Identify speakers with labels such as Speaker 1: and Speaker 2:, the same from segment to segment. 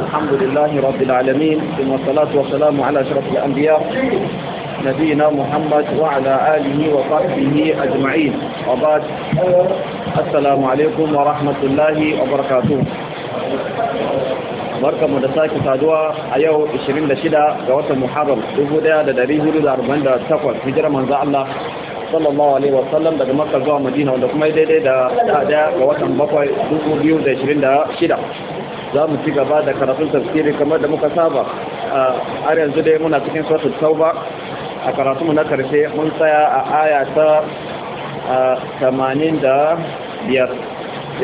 Speaker 1: الحمد لله رب العالمين ثم الصلاة والسلام على أشرف الأنبياء نبينا محمد وعلى آله وصحبه أجمعين وبعد السلام عليكم ورحمة الله وبركاته barka mu da sake saduwa a yau 26 ga watan Muharram 1448 hijirar manzo Allah sallallahu alaihi wasallam daga Makka zuwa Madina wanda kuma daidai da 1 ga watan 7 2026 za mu ci gaba da karatun tafsiri kamar da muka saba har yanzu dai muna cikin suratul tauba a karatun mu na karshe mun tsaya a aya ta 85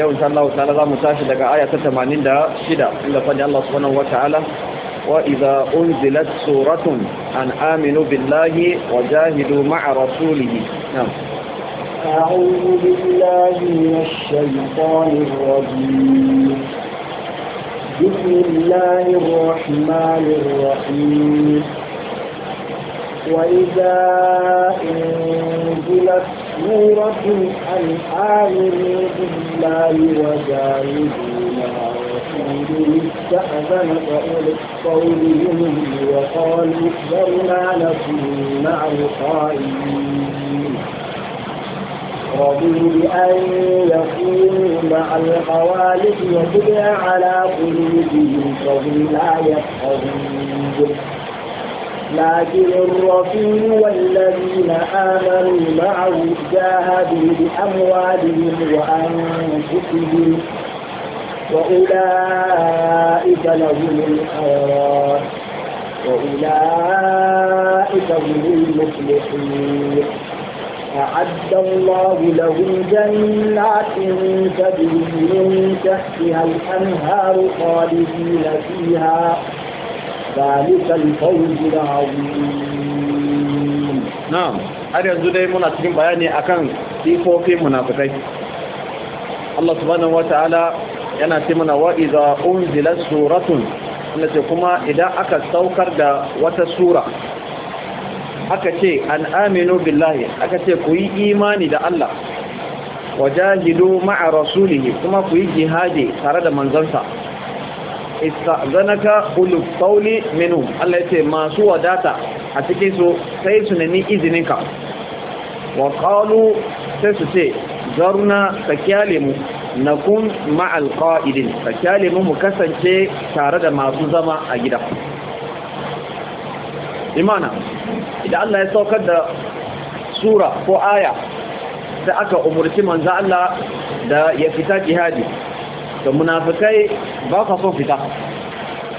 Speaker 1: yau insha Allah ta'ala mu tashi daga aya ta 86 inda fadi Allah subhanahu wa ta'ala wa idza unzilat suratun an aminu billahi wa jahidu ma'a rasulih na'am
Speaker 2: a'udhu billahi minash shaitanir rajim بسم الله الرحمن الرحيم وإذا أنزلت سورة أن آمنوا بالله وجاهدوا مع رسوله استأذن أولي قولهم منهم وقالوا اخبرنا لكم مع القائلين رضي بأن يكونوا مع الخوالف وطبع على قلوبهم فهم لا يفقهون لكن الرسول والذين آمنوا معه جاهدوا بأموالهم وأنفسهم وأولئك لهم الخيرات وأولئك هم المفلحون أعد الله لهم جنات تجري من تحتها الأنهار خالدين فيها ذلك الفوز العظيم
Speaker 1: نعم har yanzu dai muna cikin bayani akan sifofin munafikai Allah subhanahu wataala yana ce mana wa'iza idza unzilat suratun ce kuma idan aka saukar da wata sura aka ce an aminu billahi aka ce ku yi imani da Allah wajahidu ma'a rasulihi kuma ku yi jihadi tare da manzansa istazanaka ulul qawli minhum Allah yace masu wadata a cikin su sai su nemi izininka wa qalu sai su ce zarna takyalimu nakun ma'al qa'idin takyalimu mu kasance tare da masu zama a gida imana Da Allah ya saukar da sura ko aya sai aka umurci manzo Allah da ya fita jihadi to munafikai ba ka son fita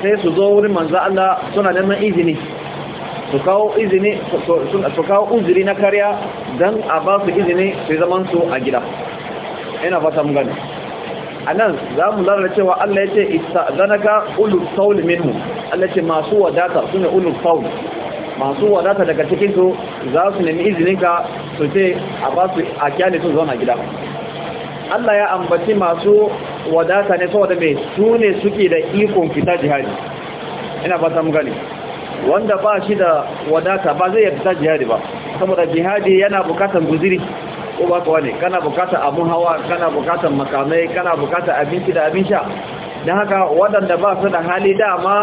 Speaker 1: sai su zo wurin manzo Allah suna neman izini su kawo izini su kawo uzuri na kariya dan a ba su izini su zaman su a gida ina fata mun gani anan za mu lara cewa Allah ya ce ista zanaka ulul saul minhu Allah ce masu wadata sune ulul masu wadata daga cikin su za su nemi izininka su ce a ba su a kyale su zauna gida Allah ya ambaci masu wadata ne saboda mai su suke da ikon fita jihadi ina ba ta gani wanda ba shi da wadata ba zai fita jihadi ba saboda jihadi yana bukatar guziri ko ba ka ne kana bukatar abun hawa kana bukatar makamai kana bukatar abinci da abin sha don haka waɗanda ba su da hali dama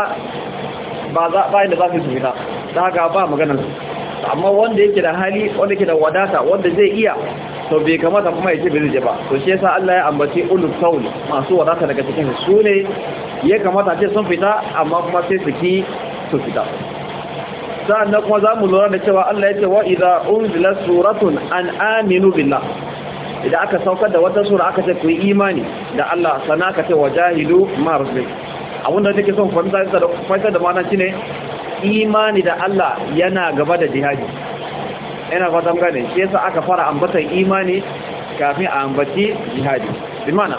Speaker 1: ba za ba inda za su fita daga ba maganar amma wanda yake da hali wanda yake da wadata wanda zai iya to bai kamata kuma yake ce bai zai ba to shi yasa Allah ya ambaci ulul saul masu wadata daga cikin su ne ya kamata ce sun fita amma kuma sai su ki su fita sannan kuma zamu mu lura da cewa Allah ya ce wa idza unzila suratun an aminu billah idan aka saukar da wata sura aka ce ku yi imani da Allah sana ka ce wajahidu marzi abunda take son fahimta da fahimta da mana shine imani da Allah yana gaba da jihadi ina fata gane shi yasa aka fara ambatan imani kafin a ambaci jihadi bimana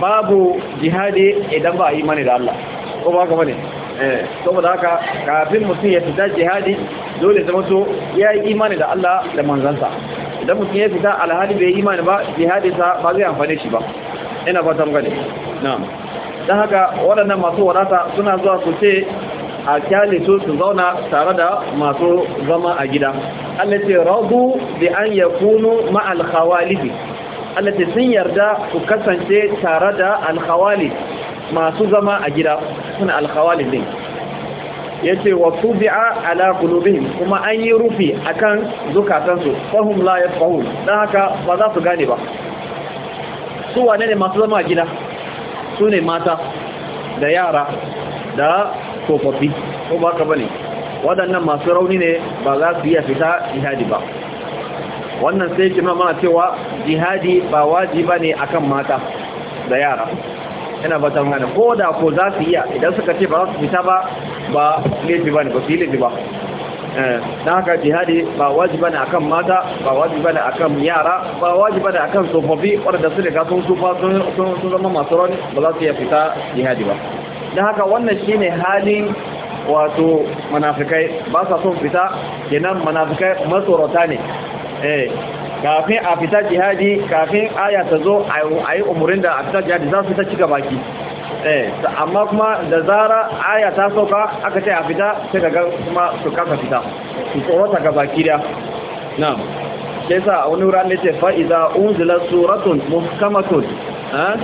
Speaker 1: babu jihadi idan ba imani da Allah ko ba gaba ne eh saboda haka kafin mutum ya fita jihadi dole zama to ya yi imani da Allah da manzansa idan mutum ya fita alhali bai yi imani ba jihadi sa ba zai amfane shi ba ina fata gane na'am dan haka waɗannan masu wadata suna zuwa su ce a kyale su su zauna tare da masu zama a gida Allah ce rabu da an kunu ma al khawalifi Allah ce sun yarda su kasance tare da alkhawali masu zama a gida suna alkhawali ne. Ya yace wa bi'a ala kulubin kuma an yi rufi kan zukatansu fahim la fahim dan haka ba za su gane ba su wane ne masu zama a gida su ne mata da yara da tsofaffi ko ba ka bane waɗannan masu rauni ne ba za su iya fita jihadi ba wannan sai ke mana cewa jihadi ba wajiba ne akan mata da yara yana ba ta mana ko da ko za su iya idan suka ce ba za su fita ba ba laifi ba ne ba su yi laifi ba eh, na haka jihadi ba wajiba ne akan mata ba wajiba ne akan yara ba wajiba ne akan tsofaffi wadda su riga sun tsufa sun zama masu rauni ba za su iya fita jihadi ba don haka wannan shine halin wato manafikai ba sa son fita kenan manafikai masorota ne eh kafin a fita jihadi kafin aya ta zo a yi umarin da a fita jihadi za su fita cika baki eh amma kuma da zara aya ta sauka aka ce a fita sai ga kuma su kasa fita su tsorata ga baki da na sai sa wani ne ce fa'iza unzila suratun muhkamatun eh?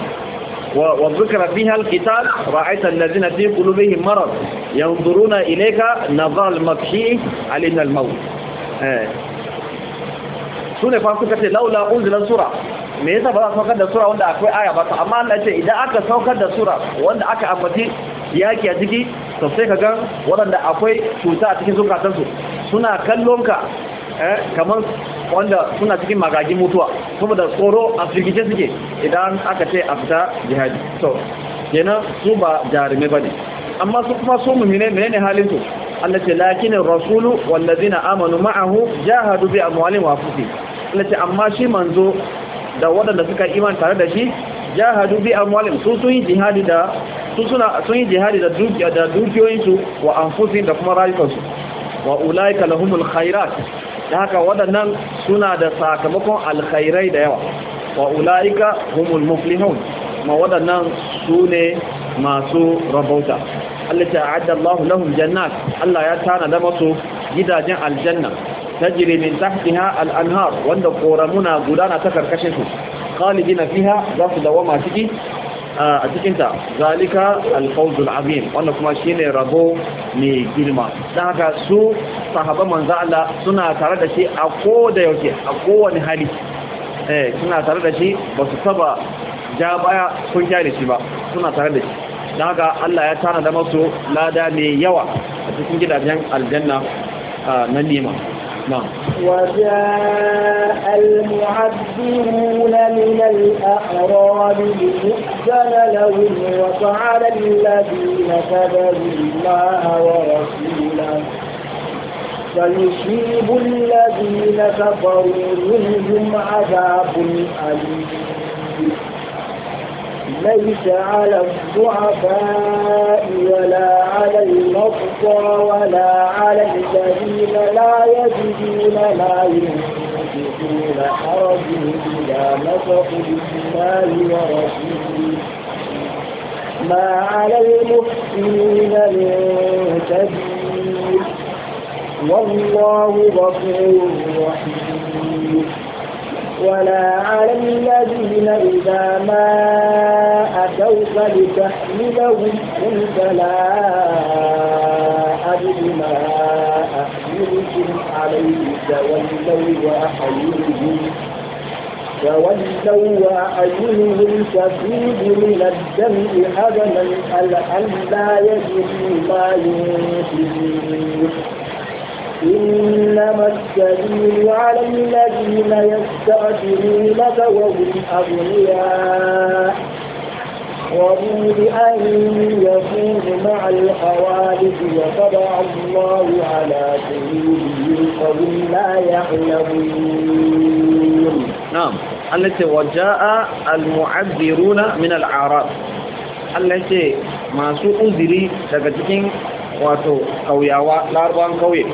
Speaker 1: وذكر فيها القتال رأيت الذين في قلوبهم مرض ينظرون إليك نظر المكشي علينا الموت sune fa suka ce laula unzila sura me yasa ba za su saukar da sura wanda akwai aya ba ta amma Allah ce idan aka saukar da sura wanda aka ambaci yaki a ciki sosai ka ga waɗanda akwai cuta a cikin zukatansu suna kallon ka eh, kamar wanda suna cikin magagin mutuwa saboda tsoro a firgice suke idan aka ce a fita jihadi to kenan su ba ba ne. amma su kuma su mu'mine menene halin su Allah ce lakinin rasulu wallazina amanu ma'ahu jahadu bi amwalihim wa anfusihim Allah ce amma shi manzo da waɗanda suka iman tare da shi jahadu bi amwalihim su sun yi jihadi da su suna sun yi jihadi da dukiyoyinsu wa anfusihim da kuma rayukansu wa ulaika lahumul khairat da haka waɗannan suna da sakamakon alkhairai da yawa wa ula'ika humul muflihun ma waɗannan su ne masu rabauta Allah ta'adda Allah lahum jannat Allah ya tana da masu gidajen aljanna tajri min tahtiha al-anhar wanda koramuna gudana ta karkashin su khalidina fiha za su dawama ciki a cikinta zalika alfawzul azim wannan kuma shine rabo mai girma dan haka su sahaba manzo Allah suna tare da shi a koda yake a kowane hali eh suna tare da shi ba su taba ja baya kun ja da shi ba suna tare da shi dan haka Allah ya tana da masu lada mai yawa a cikin gidajen aljanna na nima نعم
Speaker 2: وجاء المعذرون من الأحرار ليؤمنوا وعجل لهم وجعل الذين كذبوا الله ورسوله فيصيب الذين كفروا منهم عذاب أليم ليس على الضعفاء ولا على المرضى ولا على الذين لا يجدون لا يمكن المنافقين خرجوا إذا نطقوا بالمال ورسوله ما على المحسنين من سبيل والله غفور رحيم ولا على الذين إذا ما أتوك لتحملهم قلت لا بما عليه تولوا وأحييهم تولوا وأعينهم تفيض من الدمع أبدا ألا يجدوا ما ينفقون إنما السبيل على الذين يستعجلونك وهم أغنياء أحرموا بأن يكون مع الحوادث وطبع الله على سبيله فهم لا يعلمون
Speaker 1: نعم التي وجاء المعذرون من العرب التي ما سوء أنذري لكتكين واتو kauyawa larabawan kauye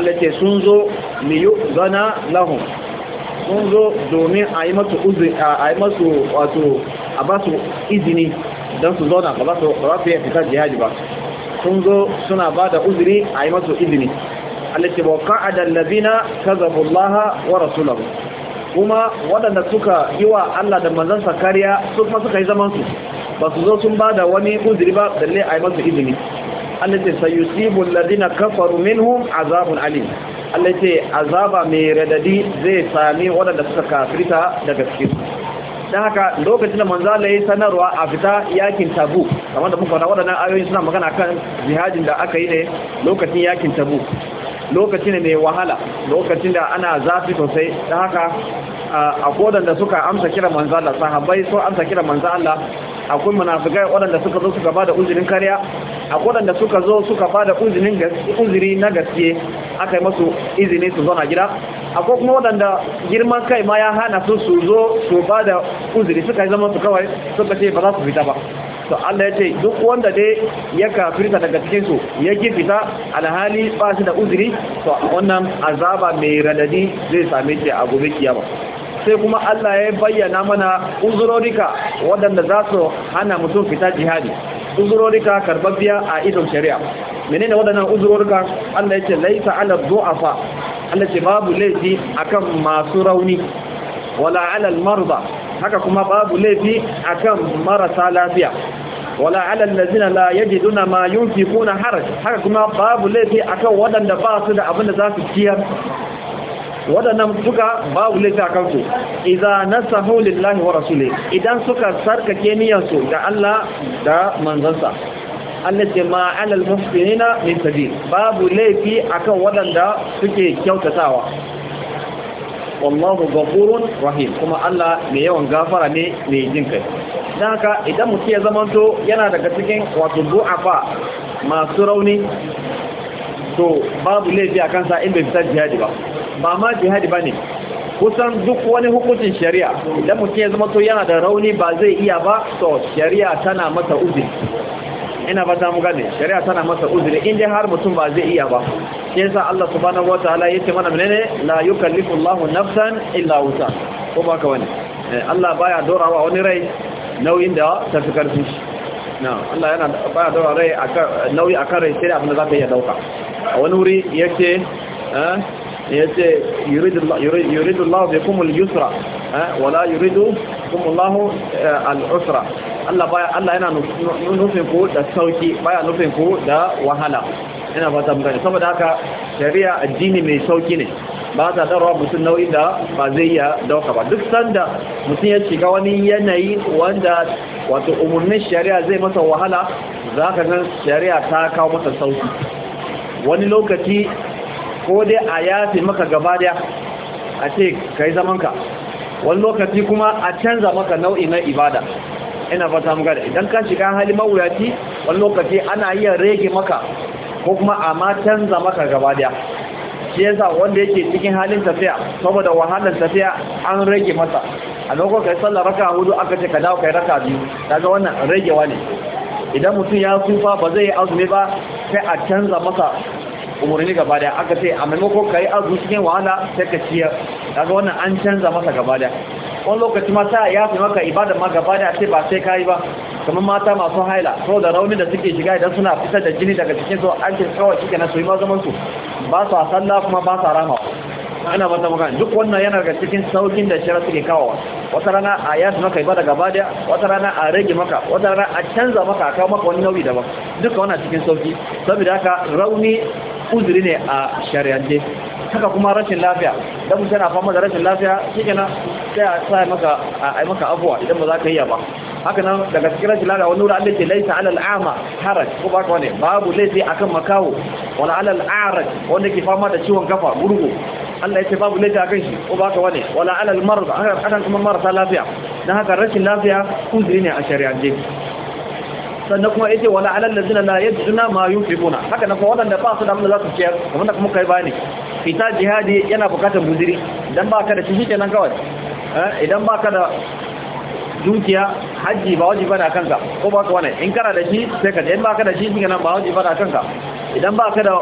Speaker 1: التي سنزو ليؤذن لهم سنزو gana lahun sun zo a ba su izini don su zauna ba su ba fita jihadi ba sun zo suna ba da uzuri a yi masu izini alati wa qa'ada allazina kazabu wa rasulahu kuma waɗanda suka yi wa Allah da manzansa kariya su kuma suka yi zaman su ba su zo sun ba da wani uzuri ba dalle a yi masu izini allati sayusibu allazina kafaru minhum azabun alim allati azaba mai radadi zai sami waɗanda suka kafirta daga cikin dan haka lokacin da manzo Allah ya sanarwa a fita yakin tabu kamar da muka waɗannan ayoyi suna magana kan jihadin da aka yi ne lokacin yakin tabu Lokacin ne mai wahala lokacin da ana zafi sosai dan haka a godan da suka amsa kira manzo Allah sahabbai sun amsa kira manzo Allah akwai munafikai waɗanda suka zo suka bada uzurin kariya akwai wadanda suka zo suka bada uzurin uzuri na gaske aka yi musu izini su zauna gida akwai kuma waɗanda girman kai ma ya hana su su zo su ba da uzuri suka yi zaman su kawai suka ce ba za su fita ba to Allah ya ce duk wanda dai ya kafirta daga cikin su ya ki fita alhali ba shi da uzuri to wannan azaba mai radadi zai same shi a gobe kiyama sai kuma Allah ya bayyana mana uzurorika waɗanda za su hana mutum fita jihadi uzurorika karbabbiya a idon shari'a menene waɗannan uzurorika Allah ya ce laisa ala du'afa Allah ce babu laifi akan masu rauni wala alal marda haka kuma babu laifi akan marasa lafiya wala alal ladina la yajiduna ma yunfiquna haraj haka kuma babu laifi akan wadanda ba su da abin da za su ciyar wadannan suka babu laifi akan su idza nasahu lillahi wa rasulihi idan suka sarkake niyyar su da Allah da manzansa Allah ce ma alal muhsinina min sabil babu laifi akan wadanda suke kyautatawa wallahu ghafurun rahim kuma Allah mai yawan gafara ne mai jin kai dan haka idan mutum ya to yana daga cikin wato du'afa masu rauni to babu laifi a kansa in bai fitar jihadi ba ba ma jihadi ba kusan duk wani hukuncin shari'a idan mutum ya zama to yana da rauni ba zai iya ba to shari'a tana masa uzuri ina ba ta gane shari'a tana masa uzuri in dai har mutum ba zai iya ba shi yasa Allah subhanahu wataala yace mana menene la yukallifu Allahu nafsan illa wusa ko ba ka wani eh, Allah baya dorawa wani rai nauyin da ta fi karfi shi na Allah yana baya dorawa rai nauyi aka rai sai abin da za ta iya dauka a wani wuri yace eh yace yuridu Allah bikum al-yusra wala yuridu bikum eh, Allah eh, al-usra Allah baya Allah yana nufin ku da sauki baya nufin ku da wahala ina fata mun gane saboda haka shari'a addini mai sauki ne ba ta darwa mutum nau'i da ba zai iya dauka ba duk sanda mutum ya shiga wani yanayi wanda wato umurnin shari'a zai masa wahala za ka ga shari'a ta kawo masa sauki wani lokaci ko dai a yafe maka gaba daya a ce kai zamanka wani lokaci kuma a canza maka nau'i na ibada ina fata muka da idan ka shiga hali mawuyaci wani lokaci ana iya rage maka ko kuma a ma canza maka gaba daya shi yasa wanda yake cikin halin tafiya saboda wahalar tafiya an rage masa a lokacin kai sallar raka hudu aka ce ka dawo kai raka biyu daga wannan ragewa ne idan mutum ya tsufa ba zai yi azumi ba sai a canza masa umarni gaba daya aka ce a maimakon kai yi azumi cikin wahala sai ka ciyar daga wannan an canza masa gaba daya wani lokaci ma ya fi maka ibada ma gaba da ce ba sai ka yi ba kamar mata masu haila sau da raunin da suke shiga idan suna fitar da jini daga cikin su an ce kawai shi kenan su yi mazaman su ba su sallah kuma ba su rama ana ba ta maka duk wannan yana daga cikin saukin da shara suke kawo wata rana a ya fi maka ibada gaba da wata rana a rage maka wata rana a canza maka a kawo maka wani nauyi daban duka wannan cikin sauki saboda haka rauni uzuri ne a shari'ance haka kuma rashin lafiya Idan mutum yana fama da rashin lafiya shikenan sai a sa maka a maka abuwa idan ba za ka yi ba haka nan daga cikin rashin lafiya wani wuri Allah ce laisa alal ama haraj ko ba ka ne babu laifi akan makawo wala alal araj wanda ke fama da ciwon kafa gurgu Allah ya ce babu laifi akan shi ko ba ka wane wala alal marad haka kuma marasa lafiya dan haka rashin lafiya uzuri ne a shari'ance sannan kuma yace wala alal ladina la yajiduna ma yunfiquna haka nan kuma da ba su da abin za su ciyar kuma da kuma kai bani fita jihadi yana bukatar guziri idan ba ka da cikin kenan kawai eh, idan ba ka da dukiya hajji ba wajen bada kanka ko ba ka wane in kana da shi sai ka in ka da shi kenan ba wajen bada kanka idan ba ka da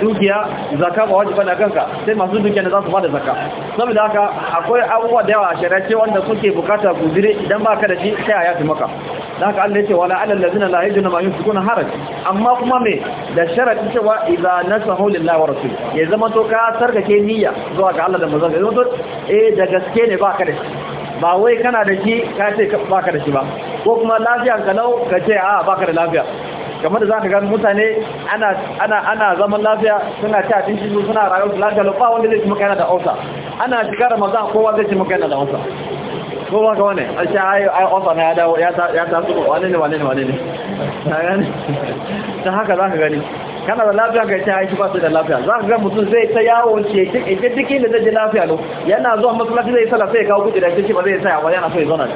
Speaker 1: dukiya zaka ba wajen bada kanka sai masu dukiya ne za su bada zaka saboda haka akwai abubuwa da yawa a shari'a wanda suke bukatar guziri idan ba ka da shi sai a yafi maka da haka Allah yake wala alal ladina la yajiduna ma yunfiquna haraj amma kuma me da sharadi cewa idza nasahu lillahi wa rasul ya zama to ka sarkake niyya zuwa ga Allah da manzon ya zama to eh da gaske ne ba ka da ba wai kana da shi ka ce ba ka da shi ba ko kuma lafiya ka lau ka ce a ah, ba ka da lafiya kamar da zaka ga mutane ana ana ana zaman lafiya suna ci shi suna rayuwa lafiya lau ba wanda zai ci kana da ausa ana shiga Ramadan kowa zai ci kana da ausa ko ba ka wane a shi ai ai ofa na ya dawo ya ta su wane ne wane ne wane ne ta haka za ka gani kana da lafiya ka ta haifi ba su da lafiya za ka ga mutum zai ta yawo ce ita duk da zai ji lafiya no yana zuwa masallaci zai sala sai ya kawo kujera ce ba zai tsaya ba yana so ya zauna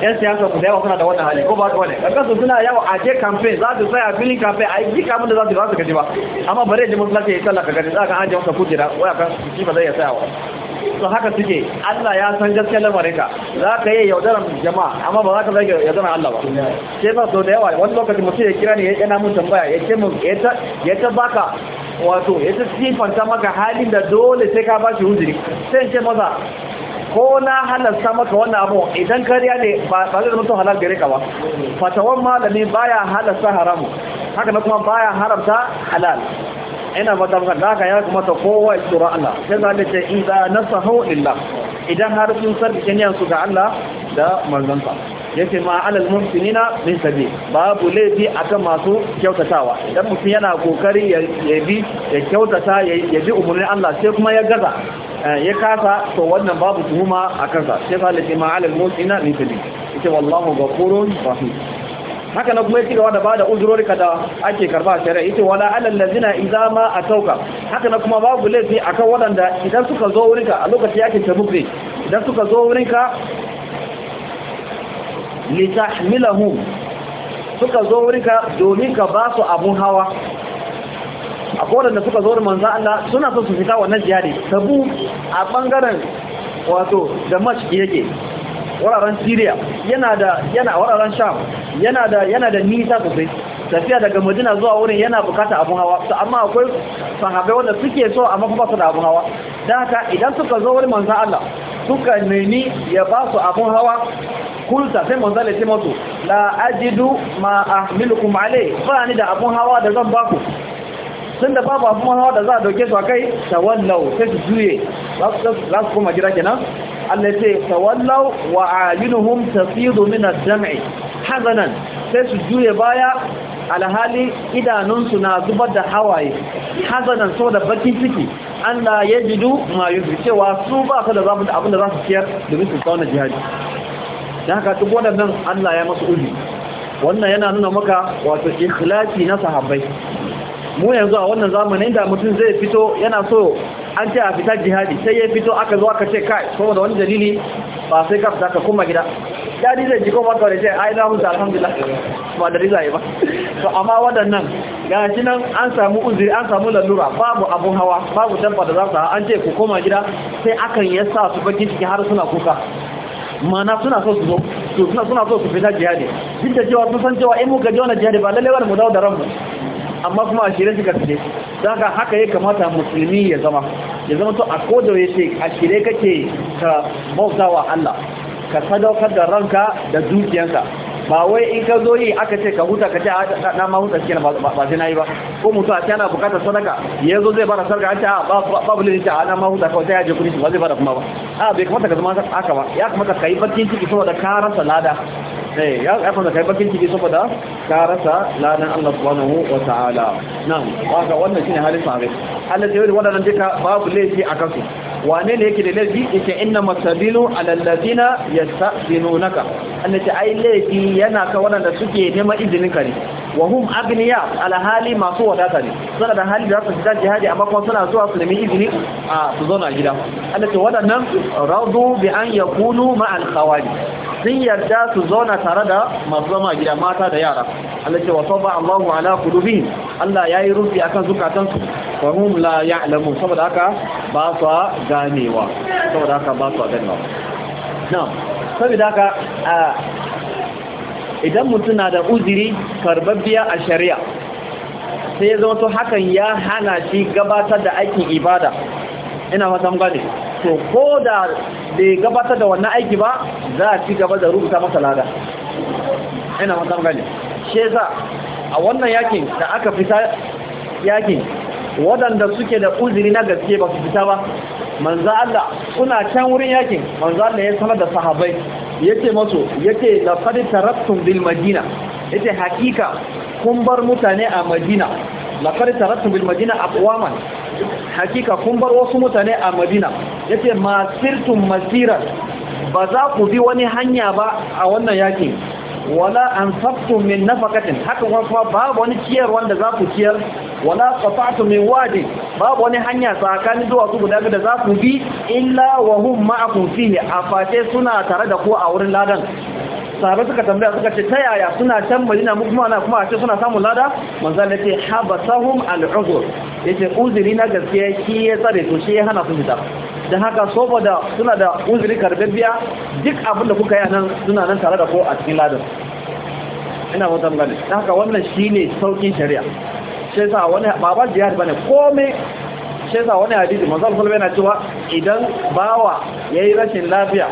Speaker 1: yan siyasa ku da yawa kuna da wannan hali ko ba ka wane kaga su suna yawo a je campaign za su tsaya filin campaign a yi kamun da za su ba su gaji ba amma bare ji masallaci ya sala ka gaji za ka an je masa kujera waya kan shi ba zai tsaya ba to haka suke Allah ya san gaskiyar lamarinka za ka yi yaudaran jama'a amma ba za ka zage yaudaran Allah ba sai ba so da yawa wani lokacin mutum ya kira ne yana mun tambaya ya ce mun ya ta baka wato ya ta sifanta maka halin da dole sai ka ba shi huzuri sai ce maza ko na halasta maka wannan abu idan kariya ne ba zai zama halar halal gare ka ba fatawan malami baya halasta haramu haka na kuma baya haramta halal ina matabaka da ka yaka mata kowa ya Allah sai zai ce in da nasahu lillah idan har sun sarki kenyan su ga Allah da manzansa yace ma alal muhsinina min sabi babu laifi akan masu kyautatawa idan mutum yana kokari ya bi ya kyautata ya bi umurnin Allah sai kuma ya gaza eh, ya kasa to wannan babu tuhuma akan sa sai zai ce ma alal muhsinina min sabi wallahu ghafurun rahim haka na kuma ya cigaba da bada uzurori da ake karba shari'a yace wala alal ladina idza ma atauka haka na kuma babu laifi akan wadanda idan suka zo wurinka a lokacin yake tabuk idan suka zo wurinka tahmilahu suka zo wurinka domin ka ba su abun hawa akwai wadanda suka zo manzo Allah suna son su fita wannan jihadi tabu a bangaren wato da mashi yake wararen Syria yana da yana wararen Sham yana da yana da nisa sosai tafiya daga Madina zuwa wurin yana bukata abun hawa to amma akwai sahabbai wanda suke so amma ba su da abun hawa dan haka idan suka zo wurin manzon Allah suka nemi ya ba su abun hawa kulta sai manzon Allah ya ce musu la ajidu ma ahmilukum alai ba ni da abun hawa da zan ba ku sun da babu abin hawa da za a doke su a kai tawallau sai su juye za su koma gida kenan Allah ce tawallau wa ayyunuhum tafidu min ad hazanan sai su juye baya alhali idanunsu na zubar da hawaye hazanan saboda bakin ciki Allah ya jidu ma yuzu cewa su ba su da zamu da abin da za su ciyar domin su tsauna jihadi Da haka duk waɗannan Allah ya masu uzi wannan yana nuna maka wato ikhlasi na sahabbai mu yanzu a wannan zamanin da mutum zai fito yana so an ce a fita jihadi sai ya fito aka zo aka ce kai saboda wani dalili ba sai ka fita ka kuma gida dadi zai jiko kuma wani ce ai na mutu alhamdulillah ba da riza ba to amma waɗannan ga shi nan an samu uzuri an samu lalura babu abun hawa babu dabba da za su an ce ku koma gida sai akan ya sa su baki ciki har suna kuka mana suna so su zo suna so su fita jihadi duk da cewa sun san cewa in muka ji wannan jihadi ba lallai wani mu dawo da ranmu amma kuma a shirin suka fice za haka ya kamata musulmi ya zama ya zama to a koda ya ce a shirin kake ka bauta wa Allah ka sadaukar da ranka da dukiyanka ba wai in ka zo yi aka ce ka huta ka ce ah, na ma huta cikin ba sai yi ba ko mutu a tana bukatar sadaka ya zo zai bada sadaka a ce ah, babu lili ce a ah, na huta kawai sai yaje kuri ba zai bada kuma ba a bai kamata ka zama haka ba ya kamata ka yi bakin ciki saboda ka rasa lada eh ya kamata kai bakin ciki saboda ka rasa lanan Allah subhanahu wata'ala ta'ala na'am kaga wannan shine halin sahabbai Allah ya yi wannan duka babu laifi a kansu wane ne yake da laifi yake inna masabilu alallazina yasta'zinunaka annace ai laifi yana ka wanda suke neman izinin ka ne wa hum agniya alhali masu wadata ne suna da hali da su fita jihadi amma kuma suna zuwa su nemi izini a su zauna gida annace wadannan radu bi an yakunu ma al sun yarda su zauna tare da masu zama gida mata da yara Allah ce wa sabba Allahu ala qulubihim Allah yayi rufi akan zukatansu fahim la alamu saboda haka ba su ganewa saboda haka ba su ganewa na saboda haka idan mutum na da uziri karbabbiya a shari'a sai zama to hakan ya hana shi gabatar da aikin ibada ina fatan gane to ko da bai gabatar da wannan aiki ba za a ci gaba da rubuta masa lada ina fatan gane shi yasa a wannan yakin da aka fita yakin waɗanda suke da uzuri na gaske ba su fita ba manzo Allah kuna can wurin yakin manzo Allah ya sanar da sahabbai yace masu yace laqad taraktum bil madina yace hakika kun bar mutane a madina laqad taraktum bil madina aqwaman hakika kun bar wasu mutane a madina yace masirtum masiran ba za ku bi wani hanya ba a wannan yakin wala anfaqtum min nafaqatin haka kuma babu wani ciyar wanda za ku ciyar wala qata'tum min wadi babu wani hanya tsakanin duwatsu guda da za ku bi illa wa hum ma'akum fihi afate suna tare da ku a wurin ladan sahabai suka tambaya suka ce ta yaya suna can madina kuma ana kuma a ce suna samun lada manzo Allah ce habasahum al-uzur yace uzuri na gaskiya ki ya tsare to shi ya hana su fita dan haka saboda suna da uzuri karbabbiya duk abin da kuka yi nan suna nan tare da ko a cikin ladan ina mutan magana dan haka wannan shine saukin shari'a sai sa wani baba jihad bane komai shi sa wani hadisi manzo Allah yana cewa idan bawa yayi rashin lafiya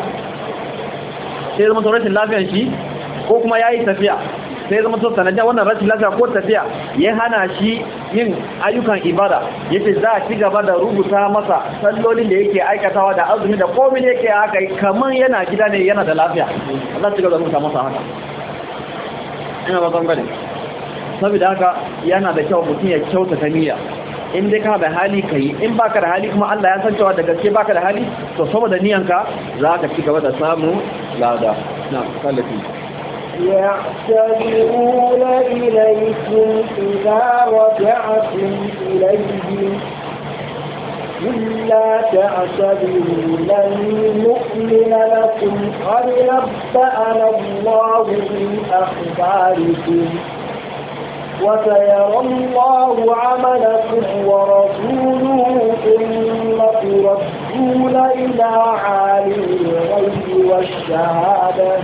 Speaker 1: sai zama to rashin lafiyar shi ko kuma ya yi tafiya sai zama to sanadin wannan rashin lafiya ko tafiya ya hana shi yin ayyukan ibada ya yace za a ci gaba da rubuta masa sallolin da yake aikatawa da azumi da komai da yake haka kaman yana gida ne yana da lafiya a ci gaba da rubuta masa haka ina ba zangare haka yana da kyau mutum ya kyautata niyya in dai da hali ka yi in baka da hali kuma Allah ya san cewa da gaske baka da hali to saboda niyanka za ka ci gaba da samu lada na kallafi
Speaker 2: يحتملون إليكم إذا رجعتم إليهم إلا تعتبروا لن نؤمن لكم قد نبأنا الله من أخباركم وسيرى الله عملكم الشهادة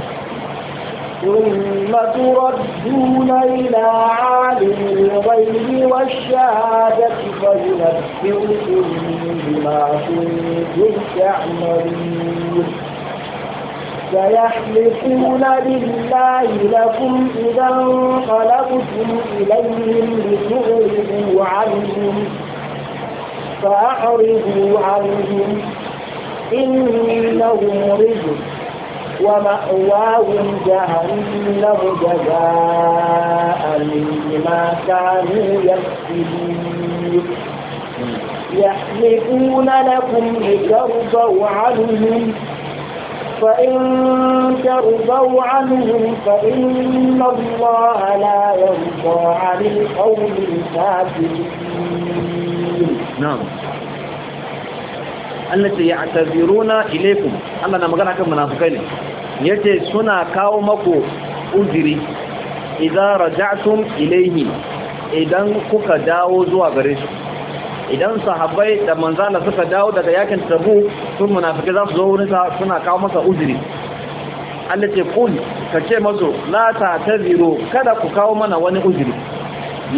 Speaker 2: ثم تردون إلى عالم الغيب والشهادة فينبئكم بما كنتم تعملون سيحلفون بالله لكم إذا انقلبتم إليهم لتغربوا عنهم فأعرضوا عنهم إنهم رجل ومأواهم جهنم جزاء بما كانوا يكسبون يحلفون لكم لترضوا عنهم فإن ترضوا عنهم فإن الله لا يرضى عن القوم الكافرين نعم Allah ce ya ataziruna ilaikum Allah
Speaker 1: na magana kan munafikai ne yace suna kawo mako uziri idan raja'tum ilaihi idan kuka dawo zuwa gare su idan sahabbai da manzala suka dawo daga yakin tabu sun munafiki za su zo wurin sa suna kawo masa uziri Allah ce kun ka ce masu la ta taziru kada ku kawo mana wani uziri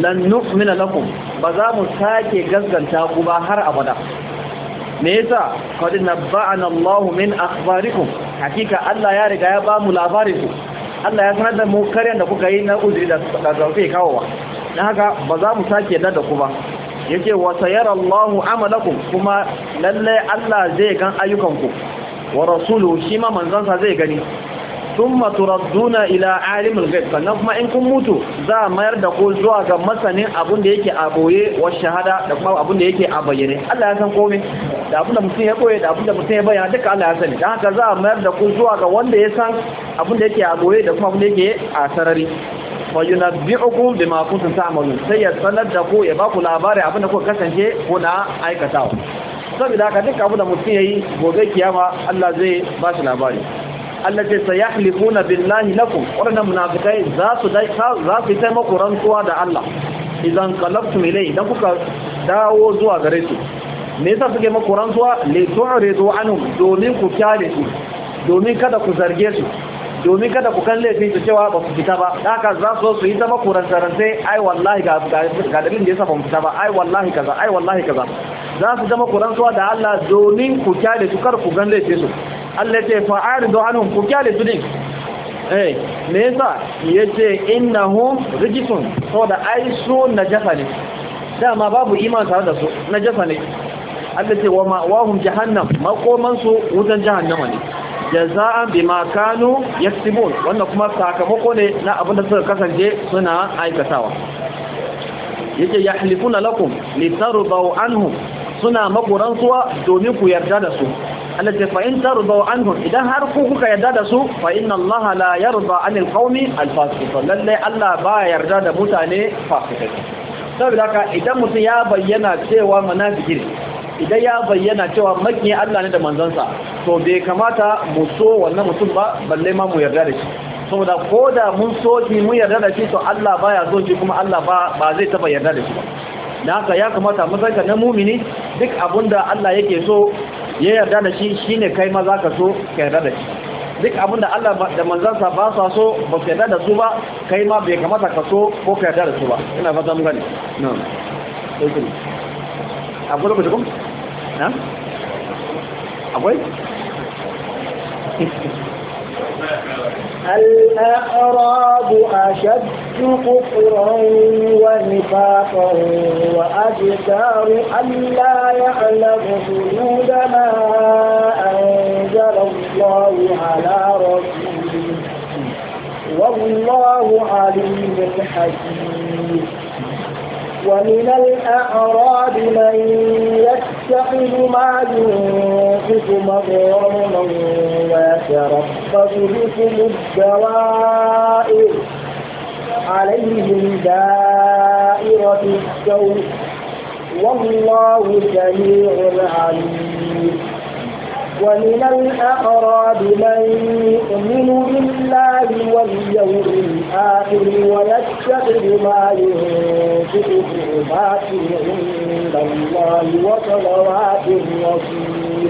Speaker 1: lan nu'mina lakum ba za mu sake gaskanta ku ba har abada me yasa qad nabba'ana Allahu min akhbarikum hakika Allah ya riga ya bamu labarin ku Allah ya sanar da mu karyan da kuka yi na uzuri da da zauke kawo dan haka ba za mu sake da ku ba yake wa sayara Allahu amalakum kuma lalle Allah zai gan ku wa rasuluhu shi ma manzon zai gani matura turadduna ila alimul gaib sannan kuma in kun mutu za a mayar da ku zuwa ga masanin abun da yake a boye wa shahada da kuma abun da yake a bayyane Allah ya san komai da abun da mutum ya boye da abun da mutum ya bayyana duka Allah ya sani dan haka za a mayar da ku zuwa ga wanda ya san abun da yake a boye da kuma abun da yake a sarari wa yunabbi'ukum bima kuntum ta'malun sai ya sanar da ku ya ba ku labari abin da ku kasance na aikatawa saboda haka duk abu da mutum yayi gobe kiyama Allah zai ba shi labari allati sayahlifuna billahi lakum wannan munafikai za su dai za su yi maku kuwa da Allah idan qalabtum ilai da kuka dawo zuwa gare su me yasa suke maku kuwa li tu'ridu anhum domin ku kyale su domin kada ku zarge su domin kada ku kalle fi su cewa ba ku fita ba haka za su su yi zama ku rantsarantse ai wallahi ga ga dalilin da yasa ba mu fita ba ai wallahi kaza ai wallahi kaza za su zama ku kuwa da Allah domin ku kyale su kar ku galle su Allah ce fa'ari da hannun ku kyale su din eh me yasa yace innahum rijisun saboda ai su najasa ne dama babu iman tare da su najasa ne Allah wa ma'awahum jahannam makomansu su wutan jahannama ne jaza'an bima kanu yaktubun wannan kuma sakamako ne na abin da suka kasance suna aikatawa yace yahlifuna lakum litarbu anhum suna makoran suwa domin ku yarda da su Allah ce fa in tarda idan har ku kuka yarda da su fa inna Allah la yarda anil qaumi al Allah ba yarda da mutane fasikai saboda ka idan mutum ya bayyana cewa munafiki idan ya bayyana cewa makiyi Allah ne da manzansa to bai kamata mu so wannan mutum ba balle ma mu yarda da shi saboda ko da mun so shi mun yarda da shi to Allah baya so shi kuma Allah ba ba zai taba yarda da shi ba da haka ya kamata matsayinka na mumini duk abinda Allah yake so ya yarda da shi shine kai ma zaka so ka yarda da shi duk abinda Allah da manzansa ba sa so ba ka yarda da su ba kai ma bai kamata ka so ko ka yarda da su ba ina fata mun gani na'am akwai lokaci kuma? na? akwai?
Speaker 2: الأعراب أشد كفرا ونفاقا وأجدار لا يعلم حدود ما أنزل الله على رسوله والله عليم حكيم ومن الأعراب من يكفر يتخذ ما ينفق مغرما ويتربص بكم الدوائر عليهم دائرة السوء والله سميع عليم ومن الأقراب من يؤمن بالله واليوم الآخر ويتخذ ما ينفق قربات عند الله وصلوات الرسول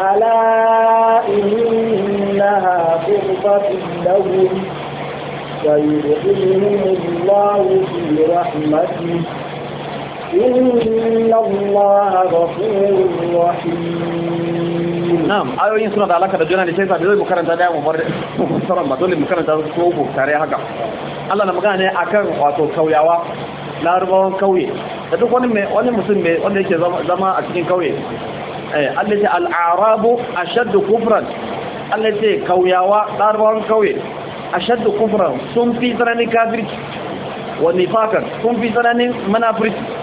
Speaker 2: ألا إنها قربة لهم ويدخلهم الله في رحمته إن الله غفور
Speaker 1: suna da alaka da juna ne sai da zai mu karanta daya mu bar fassarar ba dole mu karanta su ko ku tare haka Allah na magana ne akan wato kauyawa larabawan kauye da duk wani mai wani mutum mai wanda yake zama a cikin kauye eh Allah ya al-arabu ashaddu kufran Allah ya kauyawa larabawan kauye ashaddu kufran sun fi tsananin kafirci Wani nifakan sun fi tsananin munafirci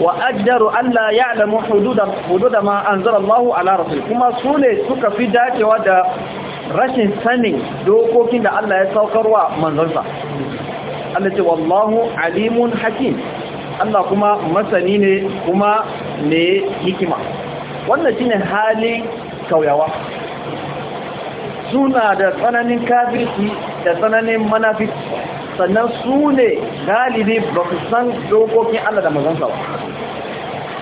Speaker 1: wa ajaru Allah ya alamu hudu da ma an zara Allahu ala rasul kuma sune suka fi dacewa da rashin sanin dokokin da Allah ya saukar wa manzansa. Allah ce, Wallahu alimun hakim, Allah kuma masani ne kuma ne hikima. Wannan shine ne hali kawyawa. Suna da tsananin kafirki da tsananin manafiki, sannan su ne galibi ba su san dokokin Allah da mazansa ba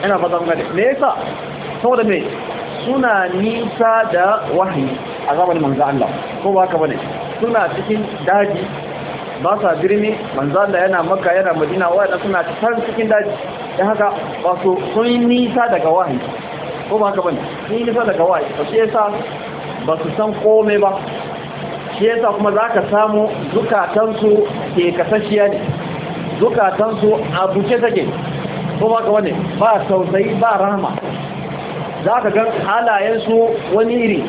Speaker 1: ina fata kuma da me yasa saboda me suna nisa da wahayi a zamanin manzo Allah ko ba ka bane suna cikin daji ba sa birni manzo Allah yana Makka yana Madina wa? suna can cikin daji dan haka ba su sun nisa daga wahayi ko ba ka bane sun nisa daga wahayi yasa ba su san komai ba shi yasa kuma za ka samu zukatansu ke kasashiya ne zukatansu a buce take ko ba ka wane ba tausayi ba rama za ka gan halayensu wani iri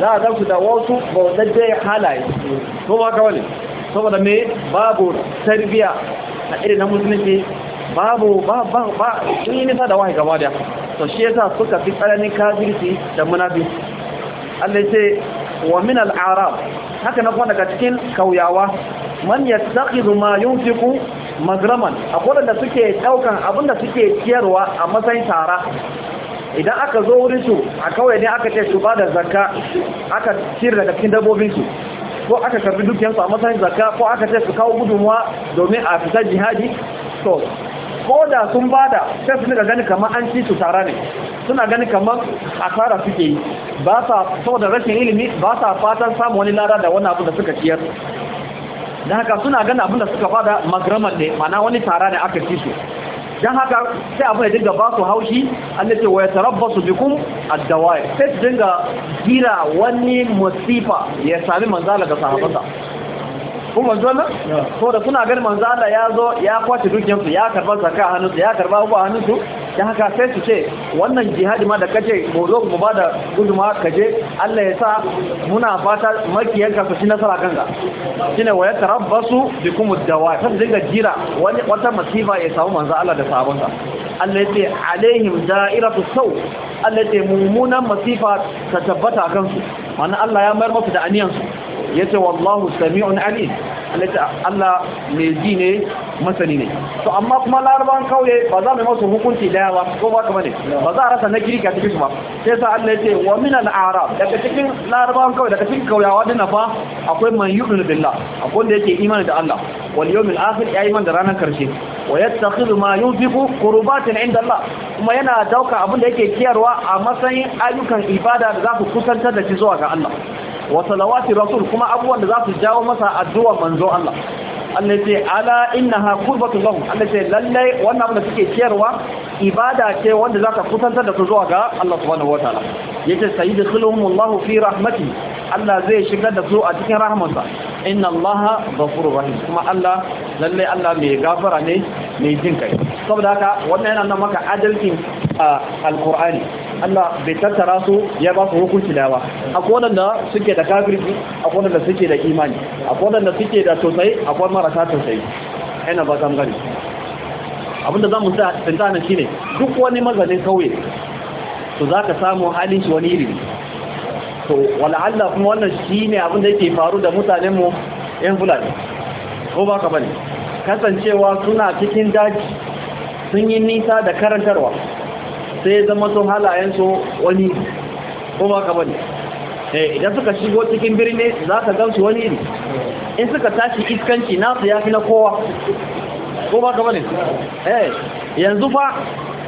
Speaker 1: za a gansu da wasu bautadde halaye ko ba ka wane saboda me babu tarbiya a irin na musulunci babu ba ba ba sun yi nisa da wahi gaba da to shi yasa suka fi tsananin kafirci da munafi Allah ya ce wa min al-arab haka na kuma daga cikin kauyawa man yastakhidhu ma yunfiqu magraman akwai da suke daukan abin suke ciyarwa a matsayin tara idan aka zo wurin su a kawai ne aka ce su ba da zakka aka cire daga cikin dabbobin su ko aka karbi dukiyar su a matsayin zakka ko aka ce su kawo gudunmuwa domin a fita jihadi to Koda sun bada sai su ga gani kamar an ci su tara ne suna gani kamar asara suke yi ba sa saboda rashin ilimi ba sa fatan samu wani lada da wani abu da suka ciyar Da haka suna gani abin da suka bada magramar ne mana wani tara ne aka ci su don haka sai abu da dinga ba su haushi an da ce wa ya tarabba su bikum sai su dinga gira wani masifa ya sami manzala ga sahabata kuma ji wannan Ko da suna ganin manzo Allah ya zo ya kwace dukiyarsu ya karba zakka hannunsu ya karba a hannunsu ya haka sai su ce wannan jihadi ma da kace mu zo mu bada guduma kaje Allah ya sa muna fata makiyanka su nasara kanka shine waya yatarabbasu bikum ad-dawa sai dinga jira wani wata masifa ya samu manzo Allah da sahabbansa Allah ya ce alaihim da'iratu saw Allah ya ce mumunan masifa ta tabbata kansu wannan Allah ya mayar musu da aniyansu yace wallahu sami'un alim Allah mai ji ne masani ne to amma kuma laraban kauye ba za mu masu hukunci daya ba ko ba kamar ne ba za a rasa na kirka cikin su ba sai sa Allah yace wa min al-arab daga cikin laraban kauye daga cikin kauyawa din fa akwai man yu'minu billah akwai wanda yake imani da Allah wal yawmil akhir ya iman da ranar karshe wa yattakhidhu ma yunfiqu qurbatan inda Allah kuma yana dauka abin da yake kiyarwa a matsayin ayyukan ibada da za ku kusantar da shi zuwa ga Allah wa salawati rasul kuma abubuwan da za su jawo masa addu'a manzo Allah Allah ce ala innaha qurbatu lahum Allah ce lalle wannan abin da suke ciyarwa ibada ce wanda zaka kusantar da su zuwa ga Allah subhanahu ta'ala yace sayyidkhuluhumullahu fi rahmatihi Allah zai shigar da su a cikin rahmansa inna allaha ghafurur rahim kuma Allah lalle Allah mai gafara ne mai jin kai saboda haka wannan yana nan maka adalcin ah, alqur'ani Allah bai tattara su ya ba su hukunci da yawa. akwai wanda suke da kafirci akwai wanda suke da imani akwai wanda suke da tosai akwai marasa tosai ina ba kan gani abinda zamu sa tantana shine duk wani mazalin kauye to zaka samu halin shi wani iri to wala'alla kuma wannan shine da yake faru da mutanen mu yan fulani ko ba ka bane kasancewa suna cikin daji sun yi nisa da karantarwa sai zama sun halayensu wani kuma ka bane eh, idan suka shigo cikin birni za ka gamsu wani iri in suka tashi iskanci nasu ya fi na kowa kuma ka bane eh, yanzu fa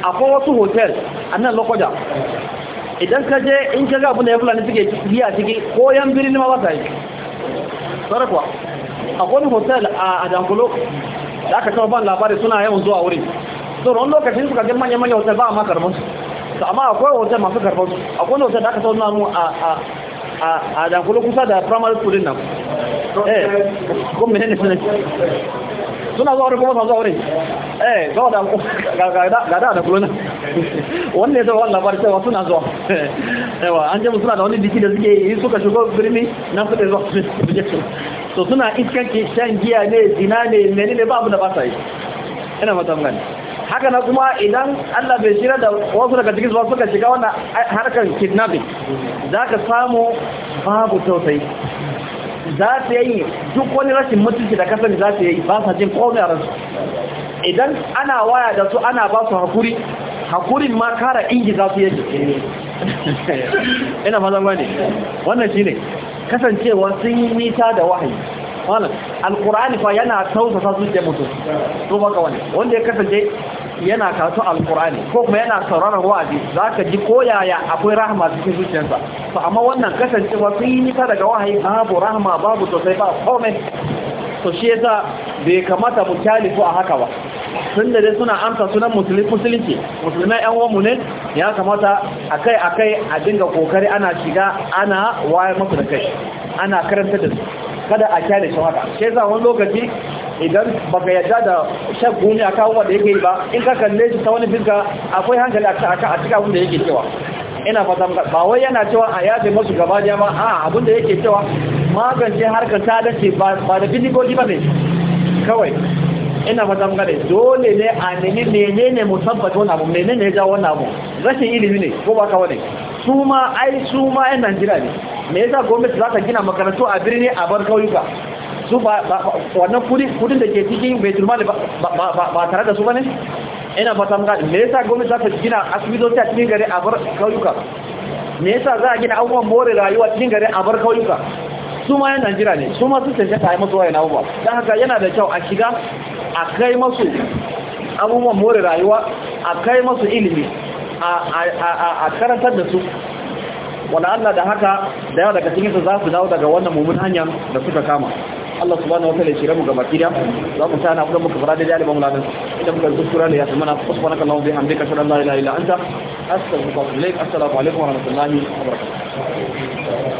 Speaker 1: akwai wasu hotel a nan lokoda idan ka je in ka ga abinda ya fulani suke biya ciki ko yan birni ma ba ta yi sarakwa akwai hotel a dankulo da aka taba ban labari suna yawan zuwa wurin zuwa wani lokacin suka ga manya-manya hotel ba a ma karɓar su amma akwai hotel masu karɓar su akwai hotel da aka sauna namu a a dankulu kusa da primary school din nan eh kuma menene sunan suna zuwa wurin kuma suna zuwa wurin eh zuwa da ga da da kuluna wannan zai wannan labarin cewa suna zuwa eh, yawa an je suna da wani biki da suke yi suka shigo birni na fita zuwa suje su so suna iskan ke shan giya ne zina ne menene ba abu da ba sa yi ina mata gani haka na kuma idan Allah bai shirar da wasu daga cikin wasu suka shiga wannan harkar kidnapping za ka samu babu tausayi za su yi duk wani rashin mutunci da kasar za su yi ba sa jin kome a ransu idan ana waya da su ana ba su hakuri hakurin ma kara ingi za su yake ina mazan gwani wannan shi ne kasancewa sun yi nita da wahayi malam alqur'ani fa yana tausasa zuciyar mutum to baka wani wanda ya kasance yana karatu alqur'ani ko kuma yana sauraron wa'azi zaka ji koyaya akwai rahama cikin zuciyarsa to amma wannan kasancewa sun yi daga wahayi babu rahama babu sai ba komai to shi yasa bai kamata mu kyalifu a haka ba tun da dai suna amsa sunan musulunci musulmai yan uwanmu ne ya kamata akai-akai a dinga kokari ana shiga ana wayar masu da kai ana karanta da su kada a kyale shi haka sai za wani lokaci idan baka yadda da shan guni a kawo wanda yake ba in ka kalle shi ta wani fiska akwai hankali a cika abin da yake cewa ina fatan ba wai yana cewa a yaje masu gaba da ma a abin da yake cewa magance harkar ta dace ba da bindigogi ba ne kawai ina fatan ne dole ne a nemi menene mu tabbata wannan abu menene ya jawo wani abu rashin ilimi ne ko ba ka wani su ma ai su ma yan najeriya ne me yasa gwamnati za ta gina makarantu a birni a bar kauyuka su ba wannan kudin da ke cikin Baitul Mal ba tare da su ba ne ina fata muka me yasa gwamnati za ta gina asibitoci a cikin gari a bar kauyuka me yasa za a gina abubuwan more rayuwa cikin gari a bar kauyuka su ma yan najeriya ne su ma su ce ta yi masu wayan abubuwa don haka yana da kyau a shiga a kai masu abubuwan more rayuwa a kai masu ilimi a karantar da su wala Allah da haka da yawa daga cikinsu za su dawo daga wannan mummun hanyar da suka kama Allah subhanahu wataala ya shirya mu gaba kida za mu na kuma muka fara da jaliban mu ladan idan muka kuskura ne ya tsamana subhanaka allahumma bihamdika ashhadu an la ilaha illa anta astaghfiruka wa atubu ilaik assalamu alaikum wa rahmatullahi wa barakatuh